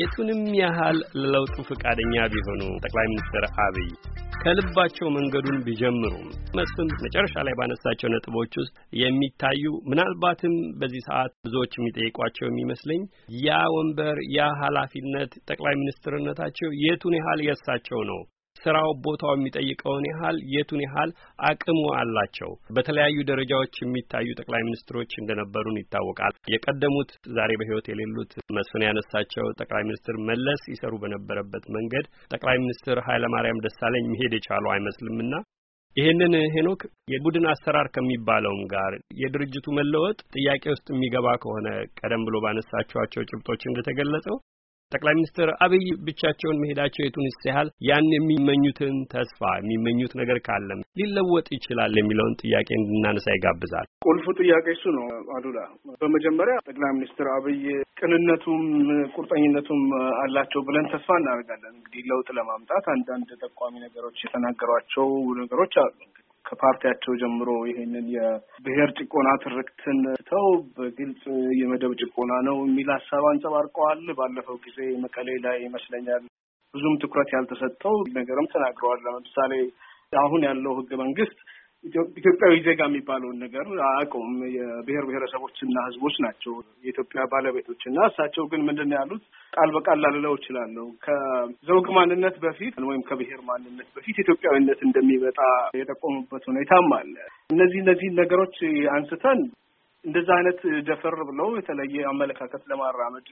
የቱንም ያህል ለለውጡ ፈቃደኛ ቢሆኑ ጠቅላይ ሚኒስትር አብይ ከልባቸው መንገዱን ቢጀምሩም መስፍን መጨረሻ ላይ ባነሳቸው ነጥቦች ውስጥ የሚታዩ ምናልባትም በዚህ ሰዓት ብዙዎች የሚጠይቋቸው የሚመስለኝ ያ ወንበር ያ ኃላፊነት ጠቅላይ ሚኒስትርነታቸው የቱን ያህል የእሳቸው ነው ስራው ቦታው የሚጠይቀውን ያህል የቱን ያህል አቅሙ አላቸው። በተለያዩ ደረጃዎች የሚታዩ ጠቅላይ ሚኒስትሮች እንደነበሩን ይታወቃል። የቀደሙት ዛሬ በህይወት የሌሉት መስፍን ያነሳቸው ጠቅላይ ሚኒስትር መለስ ይሰሩ በነበረበት መንገድ ጠቅላይ ሚኒስትር ኃይለማርያም ደሳለኝ መሄድ የቻሉ አይመስልምና ይህንን ሄኖክ የቡድን አሰራር ከሚባለውም ጋር የድርጅቱ መለወጥ ጥያቄ ውስጥ የሚገባ ከሆነ ቀደም ብሎ ባነሳችኋቸው ጭብጦች እንደተገለጸው ጠቅላይ ሚኒስትር አብይ ብቻቸውን መሄዳቸው የቱንስ ያህል ያን የሚመኙትን ተስፋ የሚመኙት ነገር ካለም ሊለወጥ ይችላል የሚለውን ጥያቄ እንድናነሳ ይጋብዛል። ቁልፉ ጥያቄ እሱ ነው አሉላ። በመጀመሪያ ጠቅላይ ሚኒስትር አብይ ቅንነቱም ቁርጠኝነቱም አላቸው ብለን ተስፋ እናደርጋለን። እንግዲህ ለውጥ ለማምጣት አንዳንድ ጠቋሚ ነገሮች የተናገሯቸው ነገሮች አሉ። ከፓርቲያቸው ጀምሮ ይሄንን የብሔር ጭቆና ትርክትን ትተው በግልጽ የመደብ ጭቆና ነው የሚል ሀሳብ አንጸባርቀዋል። ባለፈው ጊዜ መቀሌ ላይ ይመስለኛል ብዙም ትኩረት ያልተሰጠው ነገርም ተናግረዋል። ለምሳሌ አሁን ያለው ህገ መንግስት ኢትዮጵያዊ ዜጋ የሚባለውን ነገር አያውቀውም። የብሔር ብሔረሰቦችና ህዝቦች ናቸው የኢትዮጵያ ባለቤቶች እና እሳቸው ግን ምንድን ነው ያሉት? ቃል በቃል ላልለው እችላለሁ። ከዘውግ ማንነት በፊት ወይም ከብሔር ማንነት በፊት ኢትዮጵያዊነት እንደሚመጣ የጠቆሙበት ሁኔታም አለ። እነዚህ እነዚህ ነገሮች አንስተን እንደዛ አይነት ደፈር ብለው የተለየ አመለካከት ለማራመድ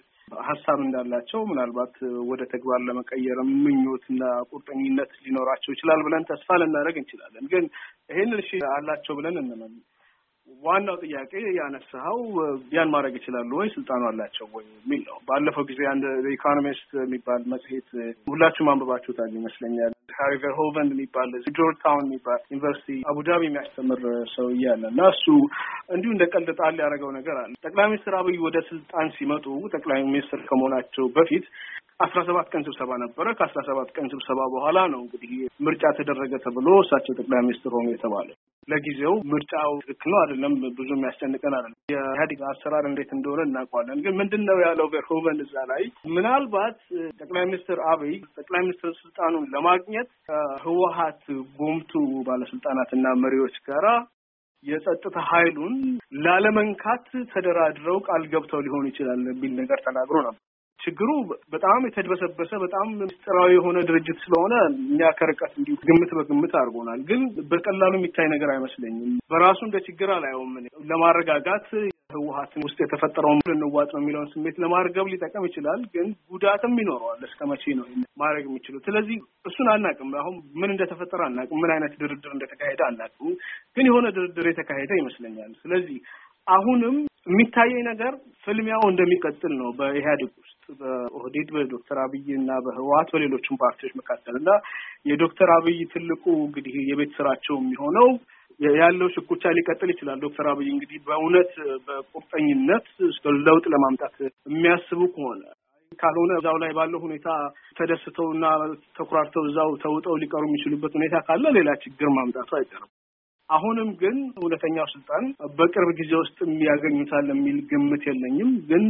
ሀሳብ እንዳላቸው ምናልባት ወደ ተግባር ለመቀየር ምኞትና ቁርጠኝነት ሊኖራቸው ይችላል ብለን ተስፋ ልናደርግ እንችላለን። ግን ይህንን እሺ አላቸው ብለን እንመን። ዋናው ጥያቄ ያነሳኸው ያን ማድረግ ይችላሉ ወይ፣ ስልጣኑ አላቸው ወይ የሚል ነው። ባለፈው ጊዜ አንድ ኢኮኖሚስት የሚባል መጽሔት ሁላችሁም አንብባችሁታል ይመስለኛል። ሃሪ ቨርሆቨን የሚባል ጆርጅ ታውን የሚባል ዩኒቨርሲቲ አቡዳቢ የሚያስተምር ሰው እያለ እና እሱ እንዲሁ እንደ ቀልድ ጣል ያደረገው ነገር አለ። ጠቅላይ ሚኒስትር አብይ ወደ ስልጣን ሲመጡ ጠቅላይ ሚኒስትር ከመሆናቸው በፊት አስራ ሰባት ቀን ስብሰባ ነበረ። ከአስራ ሰባት ቀን ስብሰባ በኋላ ነው እንግዲህ ምርጫ ተደረገ ተብሎ እሳቸው ጠቅላይ ሚኒስትር ሆኑ የተባለ። ለጊዜው ምርጫው ትክክል ነው አይደለም ብዙ የሚያስጨንቀን አይደለም። የኢህአዴግ አሰራር እንዴት እንደሆነ እናውቀዋለን። ግን ምንድን ነው ያለው ቨርሆቨን እዛ ላይ ምናልባት ጠቅላይ ሚኒስትር አብይ ጠቅላይ ሚኒስትር ስልጣኑን ለማግኘት ከህወሀት ጎምቱ ባለስልጣናትና መሪዎች ጋራ የጸጥታ ኃይሉን ላለመንካት ተደራድረው ቃል ገብተው ሊሆን ይችላል የሚል ነገር ተናግሮ ነበር። ችግሩ በጣም የተድበሰበሰ በጣም ምስጢራዊ የሆነ ድርጅት ስለሆነ እኛ ከርቀት እንዲሁ ግምት በግምት አድርጎናል። ግን በቀላሉ የሚታይ ነገር አይመስለኝም። በራሱ እንደ ችግር አላየውም። ለማረጋጋት ህወሀትን ውስጥ የተፈጠረውን ልንዋጥ ነው የሚለውን ስሜት ለማርገብ ሊጠቀም ይችላል። ግን ጉዳትም ይኖረዋል። እስከ መቼ ነው ማድረግ የሚችሉ? ስለዚህ እሱን አናቅም። አሁን ምን እንደተፈጠረ አናቅም። ምን አይነት ድርድር እንደተካሄደ አናቅም። ግን የሆነ ድርድር የተካሄደ ይመስለኛል። ስለዚህ አሁንም የሚታየኝ ነገር ፍልሚያው እንደሚቀጥል ነው። በኢህአዴግ ውስጥ በኦህዴድ በዶክተር አብይ እና በህወሀት በሌሎችም ፓርቲዎች መካከል እና የዶክተር አብይ ትልቁ እንግዲህ የቤት ስራቸው የሚሆነው ያለው ሽኩቻ ሊቀጥል ይችላል። ዶክተር አብይ እንግዲህ በእውነት በቁርጠኝነት ለውጥ ለማምጣት የሚያስቡ ከሆነ ካልሆነ እዛው ላይ ባለው ሁኔታ ተደስተውና ተኩራርተው እዛው ተውጠው ሊቀሩ የሚችሉበት ሁኔታ ካለ ሌላ ችግር ማምጣቱ አይቀርም። አሁንም ግን እውነተኛው ስልጣን በቅርብ ጊዜ ውስጥ ያገኙታል የሚል ግምት የለኝም። ግን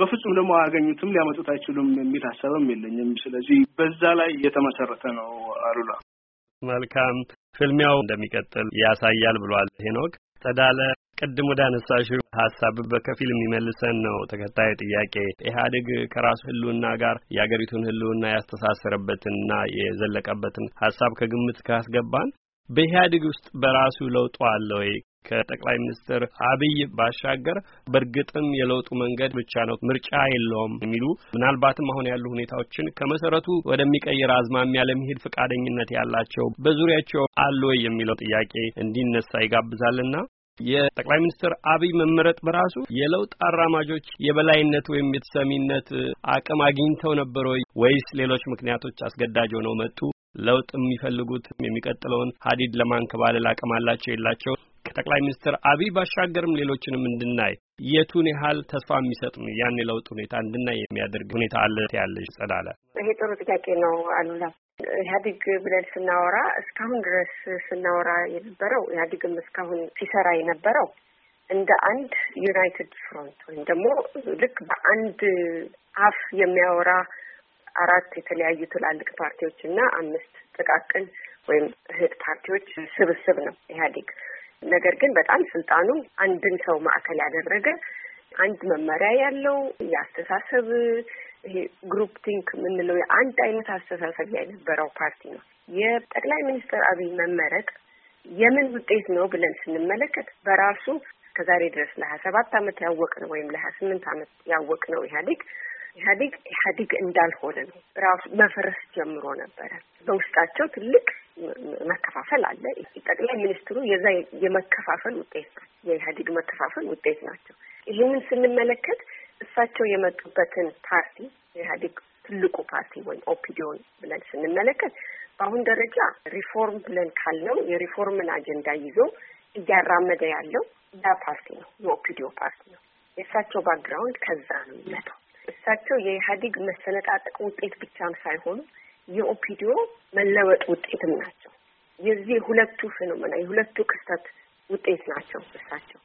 በፍጹም ደግሞ አያገኙትም፣ ሊያመጡት አይችሉም የሚል ሀሳብም የለኝም። ስለዚህ በዛ ላይ የተመሰረተ ነው። አሉላ መልካም ፍልሚያው እንደሚቀጥል ያሳያል ብሏል ሄኖክ ጸዳለ። ቅድም ወደ አነሳሽ ሀሳብ በከፊል የሚመልሰን ነው ተከታዩ ጥያቄ። ኢህአዴግ ከራሱ ህልውና ጋር የአገሪቱን ህልውና ያስተሳሰረበትንና የዘለቀበትን ሀሳብ ከግምት ካስገባን በኢህአዴግ ውስጥ በራሱ ለውጡ አለ ወይ? ከጠቅላይ ሚኒስትር አብይ ባሻገር በእርግጥም የለውጡ መንገድ ብቻ ነው ምርጫ የለውም የሚሉ ምናልባትም አሁን ያሉ ሁኔታዎችን ከመሰረቱ ወደሚቀይር አዝማሚያ ለመሄድ ፈቃደኝነት ያላቸው በዙሪያቸው አለ ወይ የሚለው ጥያቄ እንዲነሳ ይጋብዛልና የጠቅላይ ሚኒስትር አብይ መመረጥ በራሱ የለውጥ አራማጆች የበላይነት ወይም የተሰሚነት አቅም አግኝተው ነበር ወይ ወይስ ሌሎች ምክንያቶች አስገዳጅ ሆነው መጡ? ለውጥ የሚፈልጉት የሚቀጥለውን ሀዲድ ለማንከባለል አቅም አላቸው የላቸው ከጠቅላይ ሚኒስትር አብይ ባሻገርም ሌሎችንም እንድናይ የቱን ያህል ተስፋ የሚሰጥ ነው ያን የለውጥ ሁኔታ እንድናይ የሚያደርግ ሁኔታ አለ ያለች ጸዳለ ይሄ ጥሩ ጥያቄ ነው አሉላ ኢህአዲግ ብለን ስናወራ እስካሁን ድረስ ስናወራ የነበረው ኢህአዲግም እስካሁን ሲሰራ የነበረው እንደ አንድ ዩናይትድ ፍሮንት ወይም ደግሞ ልክ በአንድ አፍ የሚያወራ አራት የተለያዩ ትላልቅ ፓርቲዎች እና አምስት ጥቃቅን ወይም እህት ፓርቲዎች ስብስብ ነው ኢህአዴግ። ነገር ግን በጣም ስልጣኑ አንድን ሰው ማዕከል ያደረገ አንድ መመሪያ ያለው የአስተሳሰብ ይሄ ግሩፕ ቲንክ የምንለው የአንድ አይነት አስተሳሰብ የነበረው ፓርቲ ነው። የጠቅላይ ሚኒስትር አብይ መመረቅ የምን ውጤት ነው ብለን ስንመለከት በራሱ ከዛሬ ድረስ ለሀያ ሰባት አመት ያወቅ ነው ወይም ለሀያ ስምንት አመት ያወቅ ነው ኢህአዴግ ኢህአዴግ ኢህአዴግ እንዳልሆነ ነው ራሱ መፈረስ ጀምሮ ነበረ። በውስጣቸው ትልቅ መከፋፈል አለ። ጠቅላይ ሚኒስትሩ የዛ የመከፋፈል ውጤት ነው። የኢህአዴግ መከፋፈል ውጤት ናቸው። ይህንን ስንመለከት እሳቸው የመጡበትን ፓርቲ የኢህአዴግ ትልቁ ፓርቲ ወይም ኦፒዲዮን ብለን ስንመለከት በአሁን ደረጃ ሪፎርም ብለን ካልነው የሪፎርምን አጀንዳ ይዞ እያራመደ ያለው ያ ፓርቲ ነው፣ የኦፒዲዮ ፓርቲ ነው። የእሳቸው ባክግራውንድ ከዛ ነው የሚመጣው። እሳቸው የኢህአዴግ መሰነጣጠቅ ውጤት ብቻም ሳይሆኑ የኦፒዲዮ መለወጥ ውጤትም ናቸው። የዚህ ሁለቱ ፌኖሜና የሁለቱ ክስተት ውጤት ናቸው እሳቸው።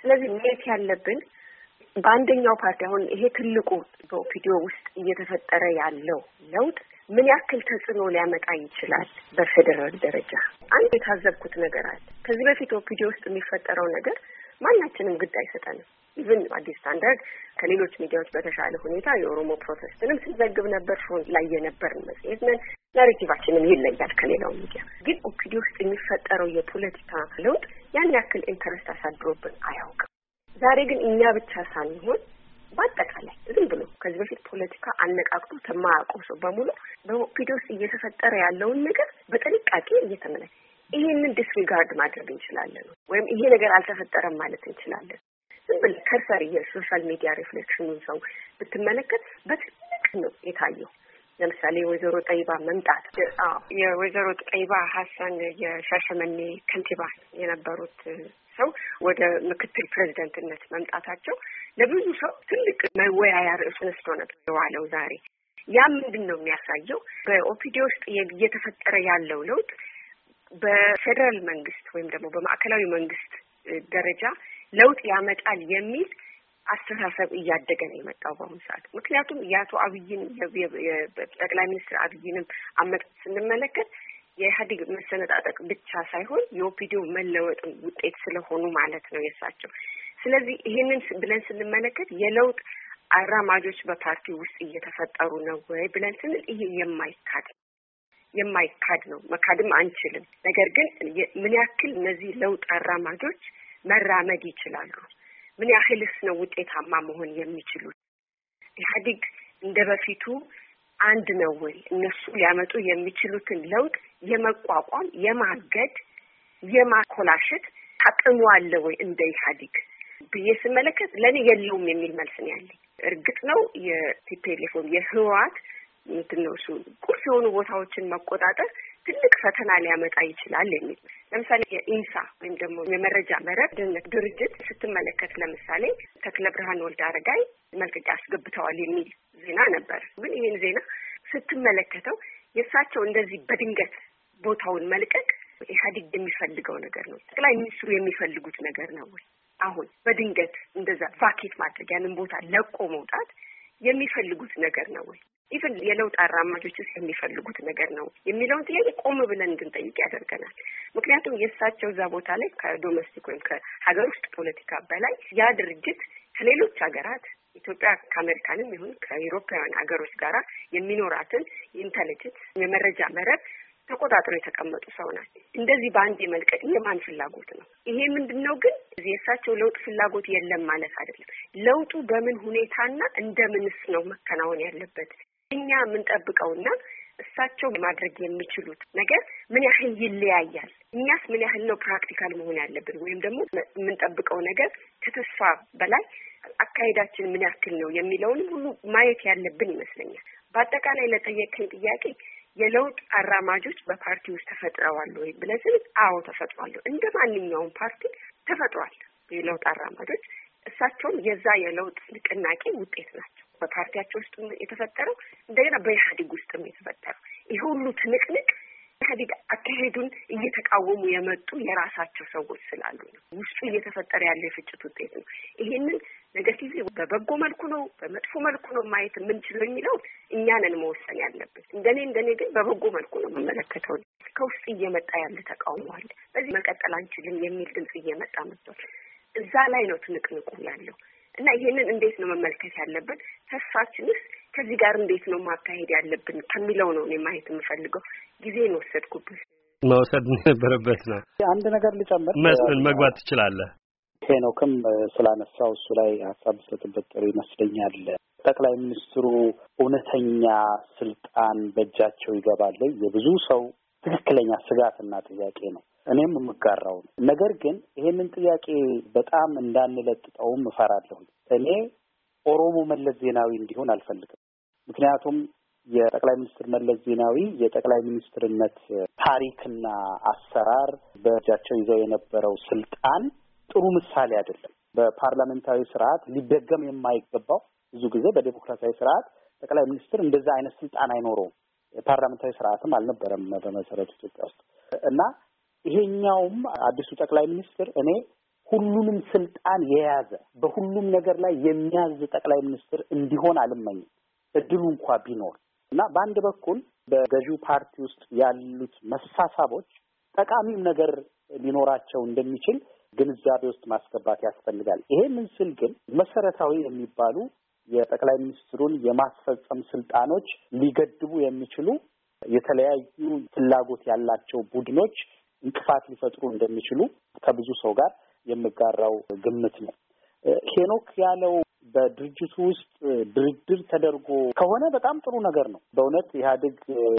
ስለዚህ ማየት ያለብን በአንደኛው ፓርቲ አሁን ይሄ ትልቁ በኦፒዲዮ ውስጥ እየተፈጠረ ያለው ለውጥ ምን ያክል ተጽዕኖ ሊያመጣ ይችላል በፌዴራል ደረጃ። አንድ የታዘብኩት ነገር አለ። ከዚህ በፊት ኦፒዲዮ ውስጥ የሚፈጠረው ነገር ማናችንም ግድ አይሰጠንም። ኢቭን አዲስ ስታንዳርድ ከሌሎች ሚዲያዎች በተሻለ ሁኔታ የኦሮሞ ፕሮቴስትንም ስንዘግብ ነበር። ፍሮንት ላይ የነበርን መጽሔት ነን። ናሬቲቫችንም ይለያል ከሌላው ሚዲያ። ግን ኦፒዲ ውስጥ የሚፈጠረው የፖለቲካ ለውጥ ያን ያክል ኢንተረስት አሳድሮብን አያውቅም። ዛሬ ግን እኛ ብቻ ሳንሆን በአጠቃላይ ዝም ብሎ ከዚህ በፊት ፖለቲካ አነቃቅቶ የማያውቀው ሰው በሙሉ በኦፒዲ ውስጥ እየተፈጠረ ያለውን ነገር በጥንቃቄ እየተመለ ይህንን ዲስሪጋርድ ማድረግ እንችላለን ወይም ይሄ ነገር አልተፈጠረም ማለት እንችላለን። ዝም ብለህ ከርሰር የሶሻል ሚዲያ ሪፍሌክሽኑን ሰው ብትመለከት በትልቅ ነው የታየው። ለምሳሌ ወይዘሮ ጠይባ መምጣት የወይዘሮ ጠይባ ሀሰን የሻሸመኔ ከንቲባ የነበሩት ሰው ወደ ምክትል ፕሬዚደንትነት መምጣታቸው ለብዙ ሰው ትልቅ መወያያ ርዕስ ነስቶ ነበር የዋለው ዛሬ። ያ ምንድን ነው የሚያሳየው? በኦፒዲ ውስጥ እየተፈጠረ ያለው ለውጥ በፌዴራል መንግስት ወይም ደግሞ በማዕከላዊ መንግስት ደረጃ ለውጥ ያመጣል የሚል አስተሳሰብ እያደገ ነው የመጣው በአሁኑ ሰዓት። ምክንያቱም የአቶ አብይን ጠቅላይ ሚኒስትር አብይንም አመጣት ስንመለከት የኢህአዴግ መሰነጣጠቅ ብቻ ሳይሆን የኦፒዲዮ መለወጥ ውጤት ስለሆኑ ማለት ነው የእሳቸው። ስለዚህ ይህንን ብለን ስንመለከት የለውጥ አራማጆች በፓርቲ ውስጥ እየተፈጠሩ ነው ወይ ብለን ስንል ይሄ የማይካድ የማይካድ ነው፣ መካድም አንችልም። ነገር ግን ምን ያክል እነዚህ ለውጥ አራማጆች መራመድ ይችላሉ? ምን ያህልስ ነው ውጤታማ መሆን የሚችሉት? ኢህአዴግ እንደ በፊቱ አንድ ነው ወይ? እነሱ ሊያመጡ የሚችሉትን ለውጥ የመቋቋም የማገድ፣ የማኮላሸት አቅሙ አለ ወይ እንደ ኢህአዴግ ብዬ ስመለከት ለእኔ የለውም የሚል መልስ ነው ያለኝ። እርግጥ ነው የቲፔሌፎን የህወሓት ምንድን ነው እሱ ቁልፍ የሆኑ ቦታዎችን መቆጣጠር ትልቅ ፈተና ሊያመጣ ይችላል የሚል ለምሳሌ የኢንሳ ወይም ደግሞ የመረጃ መረብ ደህንነት ድርጅት ስትመለከት ለምሳሌ ተክለ ብርሃን ወልድ አረጋይ መልቀቂያ አስገብተዋል የሚል ዜና ነበር። ግን ይህን ዜና ስትመለከተው የእሳቸው እንደዚህ በድንገት ቦታውን መልቀቅ ኢህአዴግ የሚፈልገው ነገር ነው፣ ጠቅላይ ሚኒስትሩ የሚፈልጉት ነገር ነው ወይ? አሁን በድንገት እንደዛ ቫኬት ማድረግ ያንን ቦታ ለቆ መውጣት የሚፈልጉት ነገር ነው ወይ? ኢቨን የለውጥ አራማጆችስ የሚፈልጉት ነገር ነው የሚለውን ጥያቄ ቆም ብለን እንድንጠይቅ ያደርገናል። ምክንያቱም የእሳቸው እዛ ቦታ ላይ ከዶሜስቲክ ወይም ከሀገር ውስጥ ፖለቲካ በላይ ያ ድርጅት ከሌሎች ሀገራት ኢትዮጵያ ከአሜሪካንም ይሁን ከአውሮፓውያን ሀገሮች ጋራ የሚኖራትን ኢንተሊጀንስ የመረጃ መረብ ተቆጣጥሮ የተቀመጡ ሰው ናቸው። እንደዚህ በአንድ የመልቀቅ የማን ፍላጎት ነው? ይሄ ምንድን ነው ግን የእሳቸው ለውጥ ፍላጎት የለም ማለት አይደለም። ለውጡ በምን ሁኔታና እንደምንስ ነው መከናወን ያለበት እኛ የምንጠብቀውና እሳቸው ማድረግ የሚችሉት ነገር ምን ያህል ይለያያል? እኛስ ምን ያህል ነው ፕራክቲካል መሆን ያለብን? ወይም ደግሞ የምንጠብቀው ነገር ከተስፋ በላይ አካሄዳችን ምን ያክል ነው የሚለውንም ሁሉ ማየት ያለብን ይመስለኛል። በአጠቃላይ ለጠየቀኝ ጥያቄ የለውጥ አራማጆች በፓርቲ ውስጥ ተፈጥረዋል ወይ ብለን ስል አዎ ተፈጥሯል። እንደ ማንኛውም ፓርቲ ተፈጥሯል። የለውጥ አራማጆች እሳቸውም የዛ የለውጥ ንቅናቄ ውጤት ናቸው። በፓርቲያቸው ውስጥ የተፈጠረው እንደገና በኢህአዴግ ውስጥም የተፈጠረው ይህ ሁሉ ትንቅንቅ ኢህአዴግ አካሄዱን እየተቃወሙ የመጡ የራሳቸው ሰዎች ስላሉ ነው። ውስጡ እየተፈጠረ ያለ የፍጭት ውጤት ነው። ይሄንን ነገቲቭ በበጎ መልኩ ነው በመጥፎ መልኩ ነው ማየት የምንችለው የሚለው እኛ ነን መወሰን ያለብን። እንደኔ እንደኔ ግን በበጎ መልኩ ነው የምመለከተው። ከውስጥ እየመጣ ያለ ተቃውሞ አለ። በዚህ መቀጠል አንችልም የሚል ድምፅ እየመጣ መጥቷል። እዛ ላይ ነው ትንቅንቁ ያለው። እና ይሄንን እንዴት ነው መመልከት ያለብን? ተስፋችንስ ከዚህ ጋር እንዴት ነው ማካሄድ ያለብን ከሚለው ነው እኔ ማየት የምፈልገው። ጊዜን ወሰድኩበት መውሰድ የነበረበት ነው። አንድ ነገር ልጨምር። መስፍን መግባት ትችላለህ። ሄኖክም ስላነሳው እሱ ላይ ሀሳብ ሰጥበት ጥሩ ይመስለኛል። ጠቅላይ ሚኒስትሩ እውነተኛ ስልጣን በእጃቸው ይገባል? የብዙ ሰው ትክክለኛ ስጋትና ጥያቄ ነው። እኔም የምጋራው ነገር ግን ይሄንን ጥያቄ በጣም እንዳንለጥጠውም እፈራለሁ። እኔ ኦሮሞ መለስ ዜናዊ እንዲሆን አልፈልግም። ምክንያቱም የጠቅላይ ሚኒስትር መለስ ዜናዊ የጠቅላይ ሚኒስትርነት ታሪክና አሰራር በእጃቸው ይዘው የነበረው ስልጣን ጥሩ ምሳሌ አይደለም። በፓርላሜንታዊ ስርዓት ሊደገም የማይገባው ብዙ ጊዜ በዴሞክራሲያዊ ስርዓት ጠቅላይ ሚኒስትር እንደዛ አይነት ስልጣን አይኖረውም። የፓርላሜንታዊ ስርዓትም አልነበረም በመሰረቱ ኢትዮጵያ ውስጥ እና ይሄኛውም አዲሱ ጠቅላይ ሚኒስትር እኔ ሁሉንም ስልጣን የያዘ በሁሉም ነገር ላይ የሚያዝ ጠቅላይ ሚኒስትር እንዲሆን አልመኝም እድሉ እንኳ ቢኖር እና በአንድ በኩል በገዢው ፓርቲ ውስጥ ያሉት መሳሳቦች ጠቃሚም ነገር ሊኖራቸው እንደሚችል ግንዛቤ ውስጥ ማስገባት ያስፈልጋል። ይሄንን ስል ግን መሰረታዊ የሚባሉ የጠቅላይ ሚኒስትሩን የማስፈጸም ስልጣኖች ሊገድቡ የሚችሉ የተለያዩ ፍላጎት ያላቸው ቡድኖች እንቅፋት ሊፈጥሩ እንደሚችሉ ከብዙ ሰው ጋር የምጋራው ግምት ነው። ሄኖክ ያለው በድርጅቱ ውስጥ ድርድር ተደርጎ ከሆነ በጣም ጥሩ ነገር ነው። በእውነት ኢህአዴግ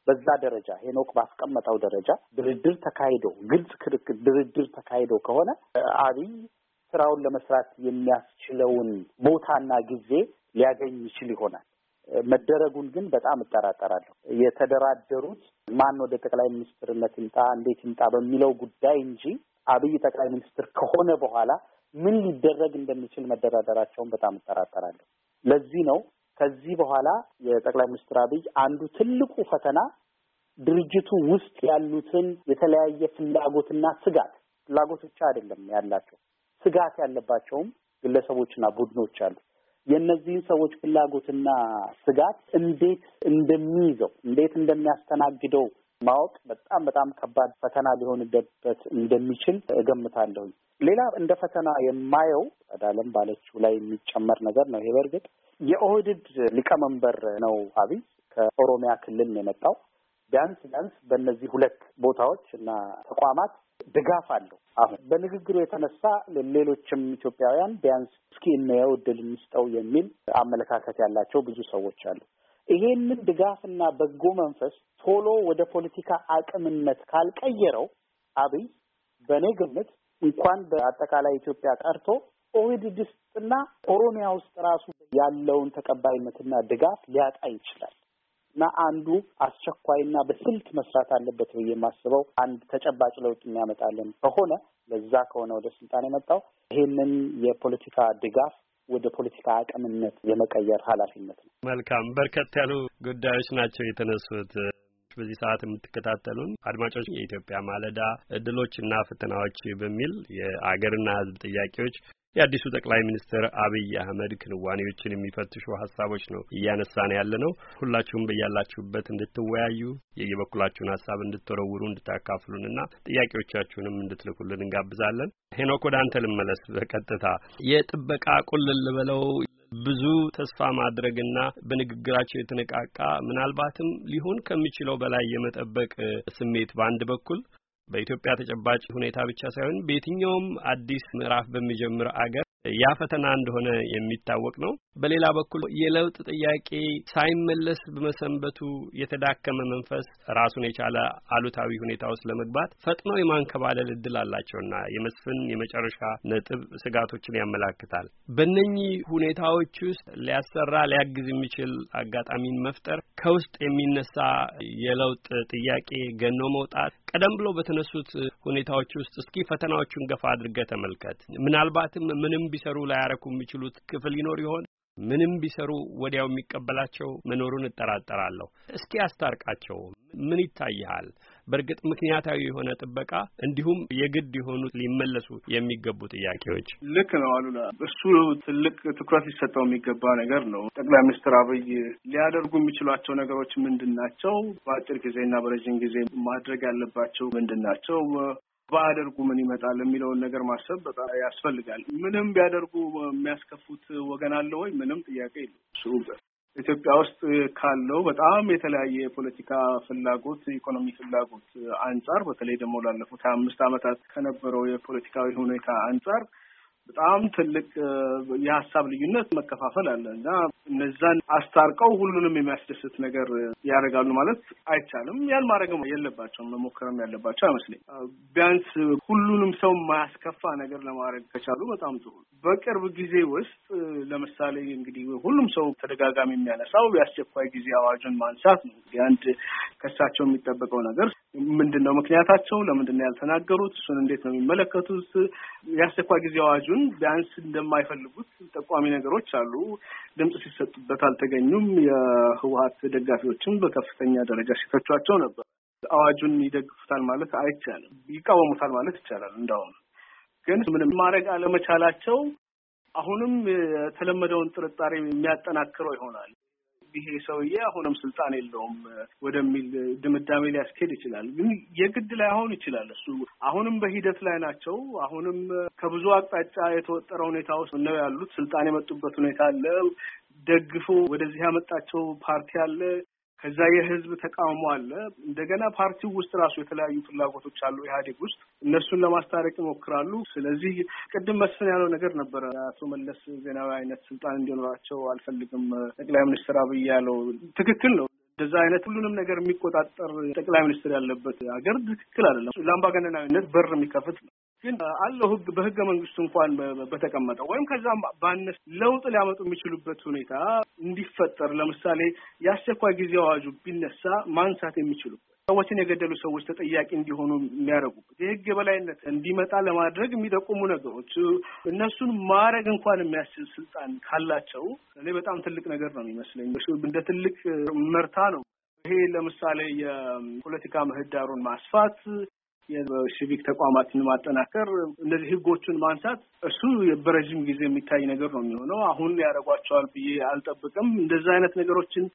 በዛ ደረጃ ሄኖክ ባስቀመጠው ደረጃ ድርድር ተካሂዶ ግልጽ ክርክር ድርድር ተካሂዶ ከሆነ አብይ ስራውን ለመስራት የሚያስችለውን ቦታና ጊዜ ሊያገኝ ይችል ይሆናል። መደረጉን ግን በጣም እጠራጠራለሁ። የተደራደሩት ማን ወደ ጠቅላይ ሚኒስትርነት ይምጣ፣ እንዴት ይምጣ በሚለው ጉዳይ እንጂ አብይ ጠቅላይ ሚኒስትር ከሆነ በኋላ ምን ሊደረግ እንደሚችል መደራደራቸውን በጣም እጠራጠራለሁ። ለዚህ ነው ከዚህ በኋላ የጠቅላይ ሚኒስትር አብይ አንዱ ትልቁ ፈተና ድርጅቱ ውስጥ ያሉትን የተለያየ ፍላጎትና ስጋት ፍላጎት ብቻ አይደለም ያላቸው ስጋት ያለባቸውም ግለሰቦችና ቡድኖች አሉ። የእነዚህን ሰዎች ፍላጎትና ስጋት እንዴት እንደሚይዘው እንዴት እንደሚያስተናግደው ማወቅ በጣም በጣም ከባድ ፈተና ሊሆንበት እንደሚችል እገምታለሁኝ። ሌላ እንደ ፈተና የማየው ጸዳለም ባለችው ላይ የሚጨመር ነገር ነው። ይሄ በእርግጥ የኦህድድ ሊቀመንበር ነው አብይ ከኦሮሚያ ክልል የመጣው። ቢያንስ ቢያንስ በእነዚህ ሁለት ቦታዎች እና ተቋማት ድጋፍ አለው። አሁን በንግግሩ የተነሳ ሌሎችም ኢትዮጵያውያን ቢያንስ እስኪ እንየው እድል እንስጠው የሚል አመለካከት ያላቸው ብዙ ሰዎች አሉ። ይሄንን ድጋፍና በጎ መንፈስ ቶሎ ወደ ፖለቲካ አቅምነት ካልቀየረው አብይ በእኔ ግምት እንኳን በአጠቃላይ ኢትዮጵያ ቀርቶ ኦህዴድ ውስጥና ኦሮሚያ ውስጥ ራሱ ያለውን ተቀባይነትና ድጋፍ ሊያጣ ይችላል። እና አንዱ አስቸኳይና በስልት መስራት አለበት ብዬ የማስበው አንድ ተጨባጭ ለውጥ የሚያመጣልን ከሆነ ለዛ ከሆነ ወደ ስልጣን የመጣው ይህንን የፖለቲካ ድጋፍ ወደ ፖለቲካ አቅምነት የመቀየር ኃላፊነት ነው። መልካም በርከት ያሉ ጉዳዮች ናቸው የተነሱት። በዚህ ሰዓት የምትከታተሉን አድማጮች የኢትዮጵያ ማለዳ እድሎችና ፈተናዎች በሚል የአገርና ሕዝብ ጥያቄዎች የአዲሱ ጠቅላይ ሚኒስትር አብይ አህመድ ክንዋኔዎችን የሚፈትሹ ሀሳቦች ነው እያነሳን ያለ ነው። ሁላችሁም በያላችሁበት እንድትወያዩ የየበኩላችሁን ሀሳብ እንድትወረውሩ እንድታካፍሉንና ጥያቄዎቻችሁንም እንድትልኩልን እንጋብዛለን። ሄኖክ ወደ አንተ ልመለስ በቀጥታ የጥበቃ ቁልል ልበለው ብዙ ተስፋ ማድረግና በንግግራቸው የተነቃቃ ምናልባትም ሊሆን ከሚችለው በላይ የመጠበቅ ስሜት በአንድ በኩል በኢትዮጵያ ተጨባጭ ሁኔታ ብቻ ሳይሆን በየትኛውም አዲስ ምዕራፍ በሚጀምር አገር ያ ፈተና እንደሆነ የሚታወቅ ነው። በሌላ በኩል የለውጥ ጥያቄ ሳይመለስ በመሰንበቱ የተዳከመ መንፈስ ራሱን የቻለ አሉታዊ ሁኔታ ውስጥ ለመግባት ፈጥነው የማንከባለል እድል አላቸውና የመስፍን የመጨረሻ ነጥብ ስጋቶችን ያመላክታል። በእነኚህ ሁኔታዎች ውስጥ ሊያሰራ ሊያግዝ የሚችል አጋጣሚን መፍጠር ከውስጥ የሚነሳ የለውጥ ጥያቄ ገኖ መውጣት ቀደም ብሎ በተነሱት ሁኔታዎች ውስጥ እስኪ ፈተናዎቹን ገፋ አድርገህ ተመልከት። ምናልባትም ምንም ቢሰሩ ላያረኩ የሚችሉት ክፍል ይኖር ይሆን? ምንም ቢሰሩ ወዲያው የሚቀበላቸው መኖሩን እጠራጠራለሁ። እስኪ አስታርቃቸው። ምን ይታይሃል? በእርግጥ ምክንያታዊ የሆነ ጥበቃ እንዲሁም የግድ የሆኑ ሊመለሱ የሚገቡ ጥያቄዎች። ልክ ነው አሉላ፣ እሱ ትልቅ ትኩረት ሊሰጠው የሚገባ ነገር ነው። ጠቅላይ ሚኒስትር አብይ ሊያደርጉ የሚችሏቸው ነገሮች ምንድን ናቸው? በአጭር ጊዜና በረዥም ጊዜ ማድረግ ያለባቸው ምንድን ናቸው? ባያደርጉ ምን ይመጣል የሚለውን ነገር ማሰብ በጣም ያስፈልጋል። ምንም ቢያደርጉ የሚያስከፉት ወገን አለ ወይ? ምንም ጥያቄ የለም። ኢትዮጵያ ውስጥ ካለው በጣም የተለያየ የፖለቲካ ፍላጎት፣ የኢኮኖሚ ፍላጎት አንጻር በተለይ ደግሞ ላለፉት ሀያ አምስት ዓመታት ከነበረው የፖለቲካዊ ሁኔታ አንጻር በጣም ትልቅ የሀሳብ ልዩነት መከፋፈል አለ እና እነዛን አስታርቀው ሁሉንም የሚያስደስት ነገር ያደርጋሉ ማለት አይቻልም። ያን ማድረግ የለባቸውም መሞከርም ያለባቸው አይመስለኝ። ቢያንስ ሁሉንም ሰው የማያስከፋ ነገር ለማድረግ ከቻሉ በጣም ጥሩ። በቅርብ ጊዜ ውስጥ ለምሳሌ እንግዲህ ሁሉም ሰው ተደጋጋሚ የሚያነሳው የአስቸኳይ ጊዜ አዋጁን ማንሳት ነው። እንግዲህ አንድ ከሳቸው የሚጠበቀው ነገር ምንድን ነው ምክንያታቸው? ለምንድን ነው ያልተናገሩት? እሱን እንዴት ነው የሚመለከቱት? የአስቸኳይ ጊዜ አዋጁን ቢያንስ እንደማይፈልጉት ጠቋሚ ነገሮች አሉ። ድምፅ ሲሰጡበት አልተገኙም። የህወሀት ደጋፊዎችም በከፍተኛ ደረጃ ሲተቿቸው ነበር። አዋጁን ይደግፉታል ማለት አይቻልም፣ ይቃወሙታል ማለት ይቻላል። እንዳውም ግን ምንም ማድረግ አለመቻላቸው አሁንም የተለመደውን ጥርጣሬ የሚያጠናክረው ይሆናል። ይሄ ሰውዬ አሁንም ስልጣን የለውም ወደሚል ድምዳሜ ሊያስኬድ ይችላል። ግን የግድ ላይሆን ይችላል። እሱ አሁንም በሂደት ላይ ናቸው። አሁንም ከብዙ አቅጣጫ የተወጠረ ሁኔታ ውስጥ ነው ያሉት። ስልጣን የመጡበት ሁኔታ አለ። ደግፎ ወደዚህ ያመጣቸው ፓርቲ አለ። ከዛ የህዝብ ተቃውሞ አለ። እንደገና ፓርቲው ውስጥ ራሱ የተለያዩ ፍላጎቶች አሉ ኢህአዴግ ውስጥ እነሱን ለማስታረቅ ይሞክራሉ። ስለዚህ ቅድም መስፍን ያለው ነገር ነበረ። አቶ መለስ ዜናዊ አይነት ስልጣን እንዲኖራቸው አልፈልግም ጠቅላይ ሚኒስትር አብይ ያለው ትክክል ነው። እንደዛ አይነት ሁሉንም ነገር የሚቆጣጠር ጠቅላይ ሚኒስትር ያለበት ሀገር ትክክል አይደለም። ለአምባገነናዊነት በር የሚከፍት ነው። ግን አለው ህግ በህገ መንግስቱ እንኳን በተቀመጠው ወይም ከዛም ባነስ ለውጥ ሊያመጡ የሚችሉበት ሁኔታ እንዲፈጠር ለምሳሌ የአስቸኳይ ጊዜ አዋጁ ቢነሳ ማንሳት የሚችሉበት ሰዎችን የገደሉ ሰዎች ተጠያቂ እንዲሆኑ የሚያደርጉበት የህግ የበላይነት እንዲመጣ ለማድረግ የሚጠቁሙ ነገሮች እነሱን ማድረግ እንኳን የሚያስችል ስልጣን ካላቸው እኔ በጣም ትልቅ ነገር ነው የሚመስለኝ። እንደ ትልቅ መርታ ነው። ይሄ ለምሳሌ የፖለቲካ ምህዳሩን ማስፋት የሲቪክ ተቋማትን ማጠናከር፣ እነዚህ ህጎችን ማንሳት እሱ በረዥም ጊዜ የሚታይ ነገር ነው የሚሆነው። አሁን ያደርጓቸዋል ብዬ አልጠብቅም። እንደዚህ አይነት ነገሮችን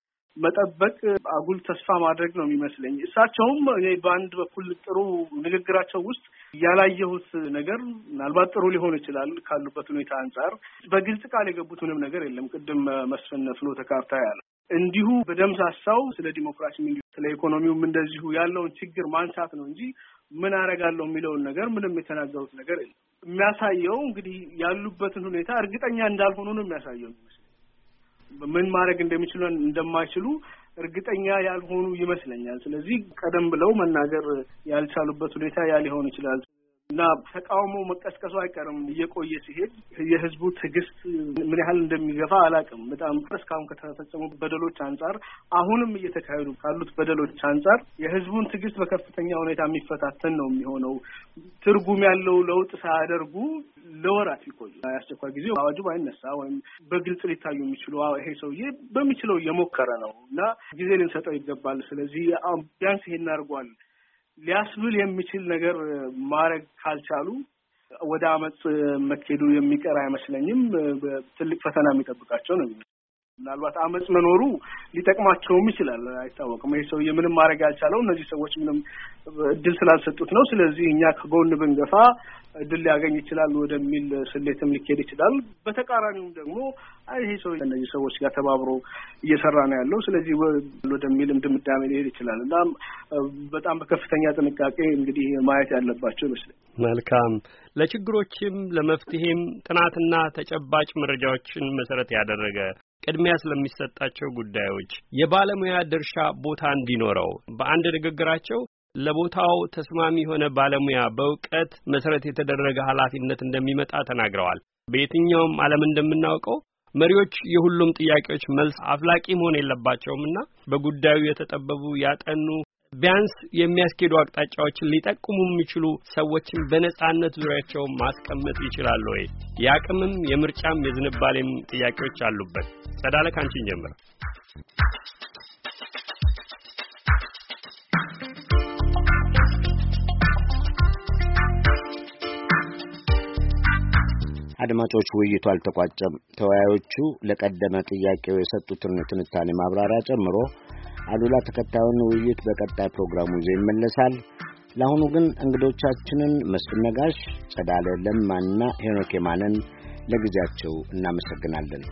መጠበቅ አጉል ተስፋ ማድረግ ነው የሚመስለኝ። እሳቸውም እኔ በአንድ በኩል ጥሩ ንግግራቸው ውስጥ ያላየሁት ነገር ምናልባት ጥሩ ሊሆን ይችላል ካሉበት ሁኔታ አንጻር በግልጽ ቃል የገቡት ምንም ነገር የለም። ቅድም መስፍን ፍኖተ ካርታ ያለ እንዲሁ በደምሳሳው ስለ ዲሞክራሲ ስለ ኢኮኖሚውም እንደዚሁ ያለውን ችግር ማንሳት ነው እንጂ ምን አረጋለሁ የሚለውን ነገር ምንም የተናገሩት ነገር የለም። የሚያሳየው እንግዲህ ያሉበትን ሁኔታ እርግጠኛ እንዳልሆኑ ነው የሚያሳየው። ምን ማድረግ እንደሚችሉ እንደማይችሉ እርግጠኛ ያልሆኑ ይመስለኛል። ስለዚህ ቀደም ብለው መናገር ያልቻሉበት ሁኔታ ያ ሊሆን ይችላል። እና ተቃውሞ መቀስቀሱ አይቀርም። እየቆየ ሲሄድ የህዝቡ ትዕግስት ምን ያህል እንደሚገፋ አላውቅም። በጣም እስካሁን ከተፈጸሙ በደሎች አንጻር፣ አሁንም እየተካሄዱ ካሉት በደሎች አንጻር የህዝቡን ትዕግስት በከፍተኛ ሁኔታ የሚፈታተን ነው የሚሆነው። ትርጉም ያለው ለውጥ ሳያደርጉ ለወራት ይቆዩ የአስቸኳይ ጊዜ አዋጁ ባይነሳ ወይም በግልጽ ሊታዩ የሚችሉ ይሄ ሰውዬ በሚችለው እየሞከረ ነው እና ጊዜ ልንሰጠው ይገባል። ስለዚህ ቢያንስ ይሄ እናርጓል ሊያስብል የሚችል ነገር ማድረግ ካልቻሉ ወደ አመፅ መኬዱ የሚቀር አይመስለኝም። ትልቅ ፈተና የሚጠብቃቸው ነው። ምናልባት አመፅ መኖሩ ሊጠቅማቸውም ይችላል፣ አይታወቅም። ይህ ሰውዬ ምንም ማድረግ ያልቻለው እነዚህ ሰዎች ምንም እድል ስላልሰጡት ነው። ስለዚህ እኛ ከጎን ብንገፋ እድል ሊያገኝ ይችላል ወደሚል ስሌትም ሊኬድ ይችላል። በተቃራኒውም ደግሞ ይሄ ሰው እነዚህ ሰዎች ጋር ተባብሮ እየሰራ ነው ያለው፣ ስለዚህ ወደሚልም ድምዳሜ ሊሄድ ይችላል እና በጣም በከፍተኛ ጥንቃቄ እንግዲህ ማየት ያለባቸው ይመስለኝ። መልካም ለችግሮችም ለመፍትሄም ጥናትና ተጨባጭ መረጃዎችን መሰረት ያደረገ ቅድሚያ ስለሚሰጣቸው ጉዳዮች የባለሙያ ድርሻ ቦታ እንዲኖረው በአንድ ንግግራቸው ለቦታው ተስማሚ የሆነ ባለሙያ በእውቀት መሰረት የተደረገ ኃላፊነት እንደሚመጣ ተናግረዋል። በየትኛውም ዓለም እንደምናውቀው መሪዎች የሁሉም ጥያቄዎች መልስ አፍላቂ መሆን የለባቸውምና በጉዳዩ የተጠበቡ ያጠኑ ቢያንስ የሚያስኬዱ አቅጣጫዎችን ሊጠቁሙ የሚችሉ ሰዎችን በነጻነት ዙሪያቸው ማስቀመጥ ይችላሉ ወይ? የአቅምም የምርጫም የዝንባሌም ጥያቄዎች አሉበት። ጸዳለ ካንቺን ጀምር። አድማጮች ውይይቱ አልተቋጨም። ተወያዮቹ ለቀደመ ጥያቄው የሰጡትን ትንታኔ ማብራሪያ ጨምሮ አሉላ ተከታዩን ውይይት በቀጣይ ፕሮግራሙ ይዞ ይመለሳል። ለአሁኑ ግን እንግዶቻችንን መስፍን ነጋሽ፣ ጸዳለ ለማና ሄኖክ ለጊዜያቸው እናመሰግናለን።